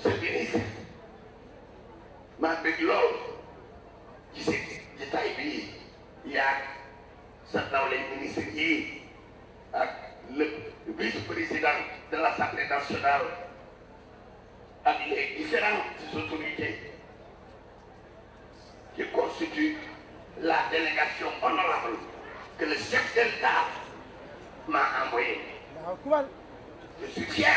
monsieur e le ministre maa qui qui ci si jitaay Il yaa sa ministre le vice-président de l'Assemblée nationale avec les différentes autorités qui constituent la délégation honorable que le chef de l'État m'a envoyée. Je suis fier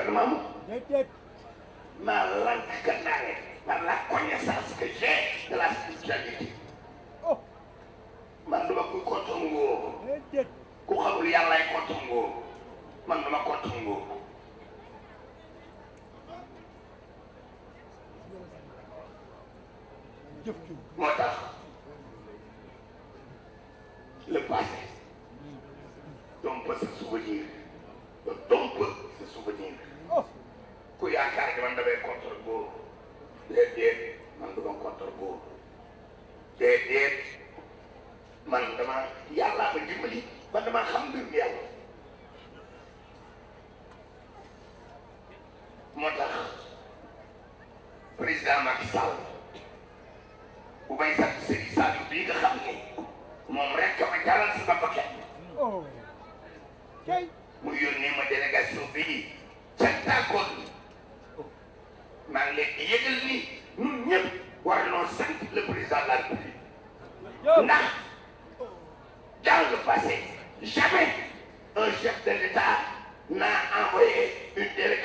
avec maman. Ma langue canale, par la connaissance que j'ai de la spiritualité. Oh. man dama ko kottangoo. ku xamul yàllaay kottangoo man dama kottangoo. moo tax le passé. donc on peut se souvenir donc man du ma contre góor déedéet man dama yàllaa ma dimbali man dama xam mbir mi yàlla moo tax président Macky Sall bu may sant Serigne Saliou bii nga xam ni moom rek ma jaral sama paquet oh. mu yónnee ma délégation le président de la République n'a dans le passé jamais un chef de l'État n'a envoyé une délégation